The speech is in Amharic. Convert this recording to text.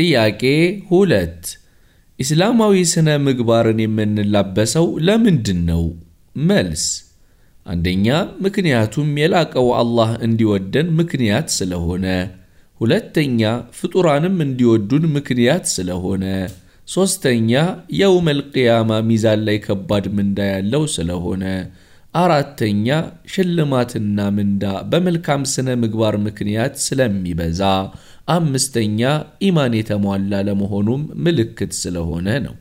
ጥያቄ ሁለት ኢስላማዊ ስነ ምግባርን የምንላበሰው ለምንድን ነው? መልስ፣ አንደኛ ምክንያቱም የላቀው አላህ እንዲወደን ምክንያት ስለሆነ፣ ሁለተኛ ፍጡራንም እንዲወዱን ምክንያት ስለሆነ፣ ሦስተኛ የውመል ቅያማ ሚዛን ላይ ከባድ ምንዳ ያለው ስለሆነ፣ አራተኛ ሽልማትና ምንዳ በመልካም ስነ ምግባር ምክንያት ስለሚበዛ አምስተኛ ኢማን የተሟላ ለመሆኑም ምልክት ስለሆነ ነው።